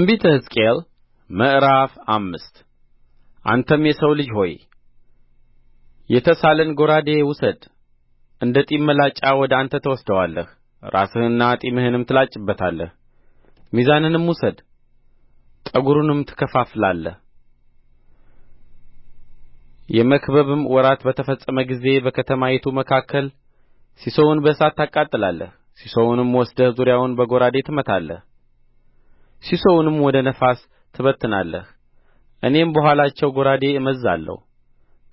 ትንቢተ ሕዝቅኤል ምዕራፍ አምስት አንተም የሰው ልጅ ሆይ የተሳለን ጐራዴ ውሰድ እንደ ጢም መላጫ ወደ አንተ ትወስደዋለህ ራስህንና ጢምህንም ትላጭበታለህ ሚዛንንም ውሰድ ጠጕሩንም ትከፋፍላለህ የመክበብም ወራት በተፈጸመ ጊዜ በከተማይቱ መካከል ሢሶውን በእሳት ታቃጥላለህ ሢሶውንም ወስደህ ዙሪያውን በጐራዴ ትመታለህ ሢሶውንም ወደ ነፋስ ትበትናለህ እኔም በኋላቸው ጐራዴ እመዝዛለሁ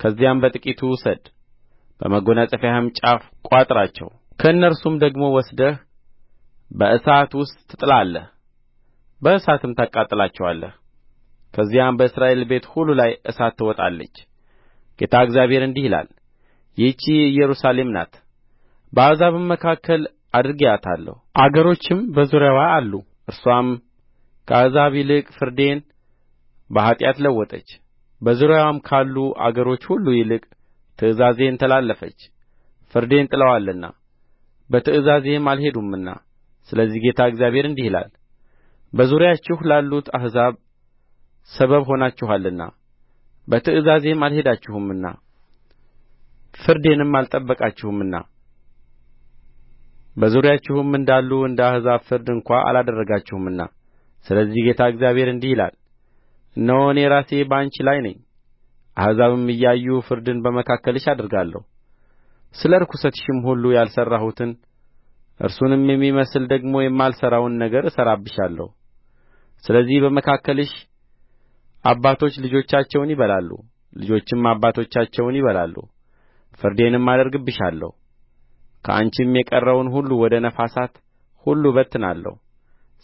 ከዚያም በጥቂቱ ውሰድ በመጐናጸፊያህም ጫፍ ቋጥራቸው ከእነርሱም ደግሞ ወስደህ በእሳት ውስጥ ትጥላለህ በእሳትም ታቃጥላቸዋለህ ከዚያም በእስራኤል ቤት ሁሉ ላይ እሳት ትወጣለች ጌታ እግዚአብሔር እንዲህ ይላል ይህች ኢየሩሳሌም ናት በአሕዛብም መካከል አድርጌአታለሁ አገሮችም በዙሪያዋ አሉ እርስዋም ከአሕዛብ ይልቅ ፍርዴን በኃጢአት ለወጠች በዙሪያዋም ካሉ አገሮች ሁሉ ይልቅ ትእዛዜን ተላለፈች ፍርዴን ጥለዋልና በትእዛዜም አልሄዱምና ስለዚህ ጌታ እግዚአብሔር እንዲህ ይላል በዙሪያችሁ ላሉት አሕዛብ ሰበብ ሆናችኋልና በትእዛዜም አልሄዳችሁምና ፍርዴንም አልጠበቃችሁምና በዙሪያችሁም እንዳሉ እንደ አሕዛብ ፍርድ እንኳ አላደረጋችሁምና ስለዚህ ጌታ እግዚአብሔር እንዲህ ይላል እነሆ እኔ ራሴ በአንቺ ላይ ነኝ አሕዛብም እያዩ ፍርድን በመካከልሽ አደርጋለሁ ስለ ርኵሰትሽም ሁሉ ያልሠራሁትን እርሱንም የሚመስል ደግሞ የማልሠራውን ነገር እሠራብሻለሁ ስለዚህ በመካከልሽ አባቶች ልጆቻቸውን ይበላሉ ልጆችም አባቶቻቸውን ይበላሉ ፍርዴንም አደርግብሻለሁ ከአንቺም የቀረውን ሁሉ ወደ ነፋሳት ሁሉ እበትናለሁ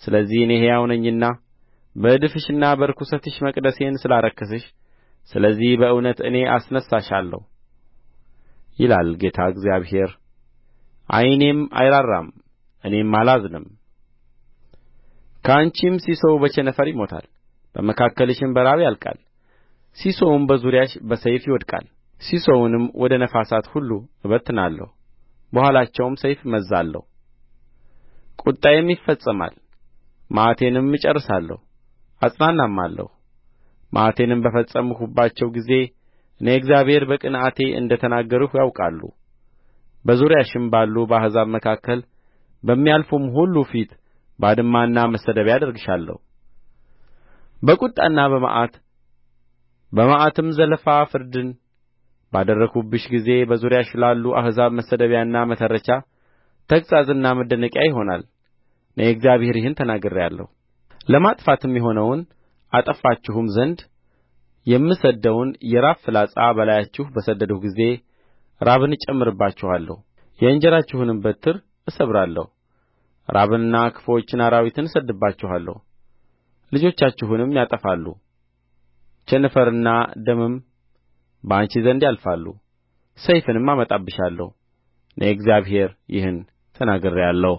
ስለዚህ እኔ ሕያው ነኝና በእድፍሽና በርኵሰትሽ መቅደሴን ስላረከስሽ ስለዚህ በእውነት እኔ አስነሣሻለሁ ይላል ጌታ እግዚአብሔር ዓይኔም አይራራም እኔም አላዝንም ከአንቺም ሲሶ በቸነፈር ይሞታል በመካከልሽም በራብ ያልቃል ሲሶውም በዙሪያሽ በሰይፍ ይወድቃል ሲሶውንም ወደ ነፋሳት ሁሉ እበትናለሁ በኋላቸውም ሰይፍ እመዝዛለሁ ቍጣዬም ይፈጸማል መዓቴንም እጨርሳለሁ አጽናናማለሁ መዓቴንም በፈጸምሁባቸው ጊዜ እኔ እግዚአብሔር በቅንዓቴ እንደ ተናገርሁ ያውቃሉ በዙሪያሽም ባሉ በአሕዛብ መካከል በሚያልፉም ሁሉ ፊት ባድማና መሰደቢያ አደርግሻለሁ በቍጣና በመዓት በመዓትም ዘለፋ ፍርድን ባደረግሁብሽ ጊዜ በዙሪያሽ ላሉ አሕዛብ መሰደቢያና መተረቻ ተግሣጽና መደነቂያ ይሆናል እኔ እግዚአብሔር ይህን ተናግሬአለሁ ለማጥፋትም የሆነውን አጠፋችሁም ዘንድ የምሰድደውን የራብ ፍላጻ በላያችሁ በሰደድሁ ጊዜ ራብን እጨምርባችኋለሁ የእንጀራችሁንም በትር እሰብራለሁ ራብንና ክፉዎችን አራዊትን እሰድድባችኋለሁ ልጆቻችሁንም ያጠፋሉ ቸነፈርና ደምም በአንቺ ዘንድ ያልፋሉ ሰይፍንም አመጣብሻለሁ እኔ እግዚአብሔር ይህን ተናግሬአለሁ